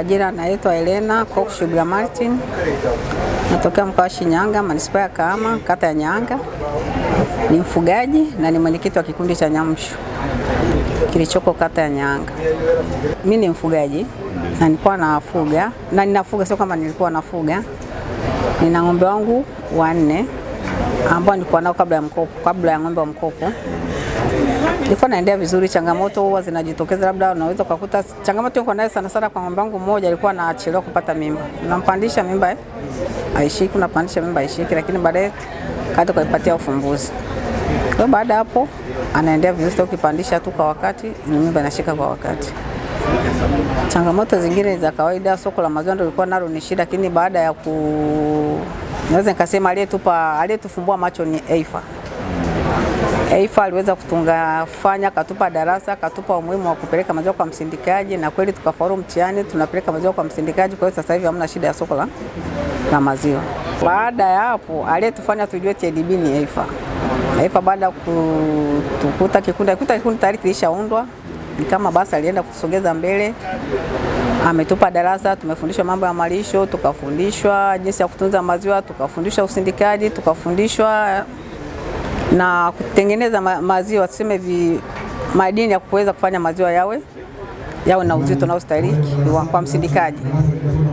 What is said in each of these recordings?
Kwa jina naitwa Elena Kokshubra Martin, natokea mkoa wa Shinyanga, manispaa ya Kahama, kata ya Nyanga. Ni mfugaji na ni mwenyekiti wa kikundi cha Nyamshu kilichoko kata ya Nyanga. Mimi ni mfugaji na nilikuwa nafuga na ninafuga, sio kama nilikuwa nafuga. Nina ng'ombe wangu wanne ambao nilikuwa nao kabla ya mkopo, kabla ya ng'ombe wa mkopo Ilikuwa naendea vizuri. Changamoto huwa zinajitokeza, labda unaweza kukuta changamoto yuko nayo sana sana. Kwa ng'ombe wangu mmoja alikuwa anachelewa kupata mimba, nampandisha mimba eh, aishiki, unapandisha mimba aishiki, lakini baadaye kati kaipatia ufumbuzi. Kwa baada hapo anaendea vizuri, ukipandisha tu kwa wakati mimba inashika kwa wakati. Changamoto zingine za kawaida, soko la maziwa ndio lilikuwa nalo ni shida, lakini baada ya ku naweza nikasema aliyetupa aliyetufumbua macho ni Eifa. EIFA aliweza kutungafanya katupa darasa katupa umuhimu wa kupeleka maziwa kwa msindikaji, na kweli tukafaulu mtihani, tunapeleka maziwa kwa msindikaji. Kwa hiyo sasa hivi hamna shida ya soko la, na maziwa. Baada ya hapo aliyetufanya tujue TADB ni EIFA. EIFA baada ya kutukuta kikundi kikundi tayari kilishaundwa, ni kama basi alienda kusogeza mbele, ametupa darasa, tumefundishwa mambo ya malisho, tukafundishwa jinsi ya kutunza maziwa, tukafundishwa usindikaji, tukafundishwa na kutengeneza ma maziwa tuseme vi madini ya kuweza kufanya maziwa yawe yawe na uzito na ustahiliki kwa msindikaji.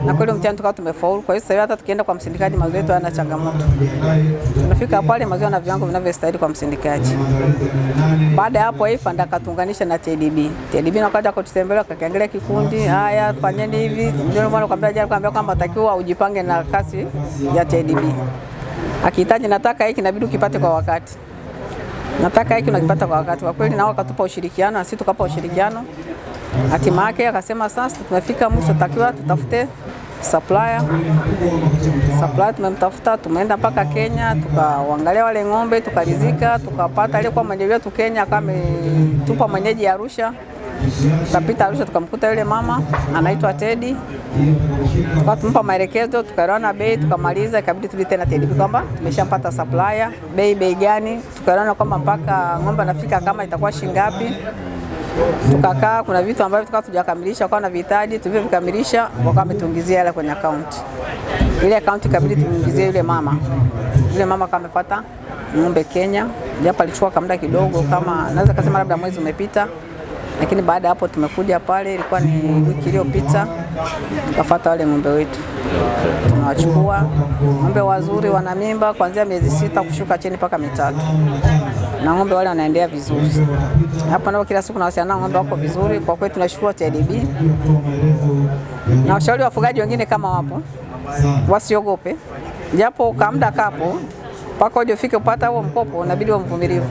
Na kweli mtihani tukawa tumefaulu. Kwa hiyo sasa hata tukienda kwa msindikaji maziwa yetu yana changamoto. Tunafika pale maziwa na viwango vinavyostahili kwa msindikaji. Baada ya hapo haifa ndo akatunganisha na TDB. TDB na kaja kututembelea kakiangalia kikundi, haya fanyeni hivi. Ndio maana nikamwambia jana kwamba kwamba takiwa ujipange na kasi ya TDB. Akihitaji nataka hiki inabidi ukipate kwa wakati nataka hiki unakipata kwa wakati wa kweli, na wakatupa ushirikiano na sisi tukapa ushirikiano. Hatima yake akasema sasa tumefika mwisho, takiwa tutafute supplier. Supplier tumemtafuta, tumeenda mpaka Kenya, tukaangalia wale ng'ombe, tukarizika, tukapata aliyekuwa mwenyeji wetu Kenya, kama tupa mwenyeji Arusha. Tukapita Arusha, tukamkuta yule mama anaitwa Tedi, tukawa tumpa maelekezo, tukaelewana bei, tukamaliza. Ikabidi turudi tena Tedi kwamba tumeshampata supplier, bei bei gani, tukaelewana kwamba mpaka ng'ombe anafika kama itakuwa shingapi tukakaa kuna vitu ambavyo tukawa tujakamilisha kwa na vihitaji tulivyovikamilisha, wakawa ametuongezea hela kwenye akaunti ile. Akaunti ikabidi tumuongezee yule mama. Yule mama kama amepata ng'ombe Kenya, japo alichukua kamda kidogo, kama naweza kusema labda mwezi umepita lakini baada hapo tumekuja pale, ilikuwa ni wiki iliyopita, tukafata wale ng'ombe wetu tunawachukua ng'ombe wazuri, wana mimba kuanzia miezi sita kushuka chini mpaka mitatu, na ng'ombe wale wanaendea vizuri. hapo, nao kila siku nawasiliana ng'ombe wako vizuri, kwa kweli tunashukuru TADB na ushauri wafugaji wengine kama wapo wasiogope, japo kamda kapo mpaka uje ufike upata huo mkopo, unabidi wa mvumilivu.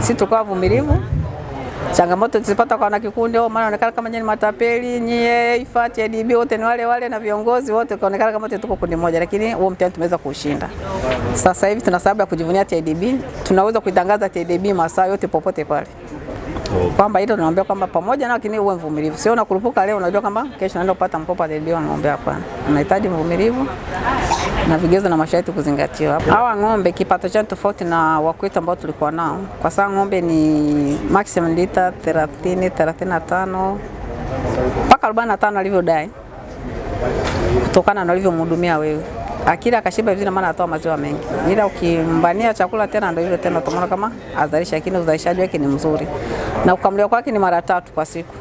si tukawa vumilivu Changamoto tulizopata kwa wanakikundi wao, maana inaonekana kama nyinyi matapeli nyie, Ifat ADB wote ni wale wale na viongozi wote, kaonekana kama wote tuko kundi moja, lakini huo mtihani tumeweza kuushinda. Sasa hivi tuna sababu ya kujivunia tidb tunaweza kuitangaza tidb masaa yote popote pale. Kwamba hilo tunaambia kwamba pamoja na lakini uwe mvumilivu, sio unakurupuka leo unajua kwamba kesho naenda kupata mkopo adaibiwa. naomba hapana, unahitaji mvumilivu na vigezo na masharti kuzingatiwa. Hawa ng'ombe kipato cha tofauti na wakwetu ambao tulikuwa nao kwa sababu ng'ombe ni maximum lita 30 35 mpaka 45 alivyodai kutokana na alivyomhudumia wewe akili akashiba hivi, na maana atoa maziwa mengi, ila ukimbania chakula tena ndio ile tena, utaona kama azalisha, lakini uzalishaji wake ni mzuri na ukamulia kwake ni mara tatu kwa siku.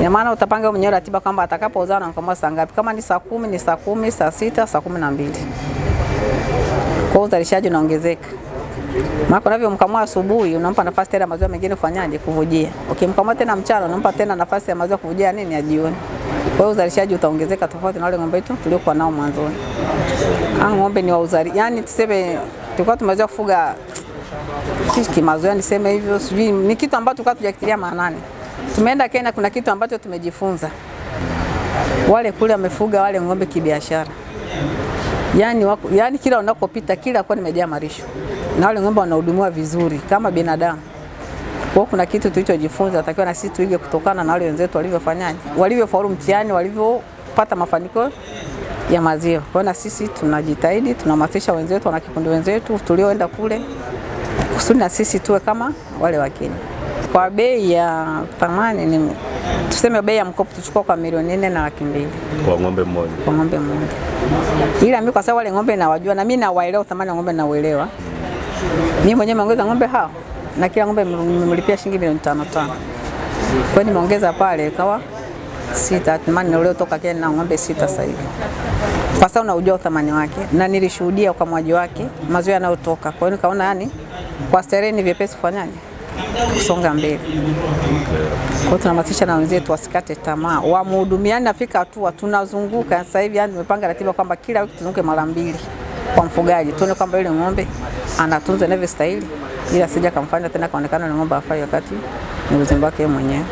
Ina maana utapanga mwenyewe ratiba kwamba atakapozaa na saa ngapi, kama ni saa kumi ni saa kumi, saa sita, saa kumi na mbili. Kwa uzalishaji unaongezeka. Maana unavyomkamua asubuhi unampa nafasi tena maziwa mengine kufanyaje, kuvujia. Ukimkamua okay, tena mchana unampa tena nafasi ya maziwa kuvujia nini ya jioni. Kwa hiyo uzalishaji utaongezeka tofauti na wale ng'ombe wetu tuliokuwa nao mwanzoni. Kama ng'ombe ni wa uzalishaji, yani tuseme tulikuwa tumeweza kufuga sisi kimazoea, niseme hivyo, sijui ni kitu ambacho tulikuwa tujakitilia maanani. Tumeenda Kenya, kuna kitu ambacho tumejifunza. Wale kule wamefuga wale ng'ombe kibiashara. Yani, yani kila unakopita kila kwa nimejaa marisho na wale ng'ombe wanahudumiwa vizuri kama binadamu. Kwa kuna kitu tulichojifunza, natakiwa na sisi tuige kutokana na wale wenzetu walivyofanyaje, walivyofaulu mtihani, walivyopata mafanikio ya maziwa. Kwa na sisi tunajitahidi, tunahamasisha wenzetu, wana kikundi wenzetu tulioenda kule, kusudi na sisi tuwe kama wale wa Kenya. Kwa bei ya thamani ni tuseme bei ya mkopo tuchukua kwa milioni nne na laki mbili kwa ng'ombe mmoja, kwa ng'ombe mmoja. Ila mimi kwa sababu wale ng'ombe nawajua na mimi nawaelewa thamani ya ng'ombe, nauelewa mimi mwenyewe, naongeza ng'ombe hao na kila ng'ombe nimemlipia shilingi milioni tano tano. Kwa hiyo nimeongeza pale ikawa sita, thamani leo toka kile na ng'ombe sita sasa hivi. Kwa sababu unaujua thamani wake na nilishuhudia ukamwaji wake, maziwa yanayotoka. Kwa hiyo nikaona yani kwa starehe ni vyepesi kufanyaje kusonga mbele. Kwa hiyo tunahamasisha na wenzetu wasikate tamaa, wamuhudumiani nafika hatua tunazunguka sasa hivi, yani nimepanga ratiba kwamba kila wiki tuzunguke mara mbili kwa mfugaji, tuone kwamba yule ng'ombe anatunza inavyostahili, ili asije akamfanya tena kaonekana ni ng'ombe afai, wakati ni uzima wake mwenyewe.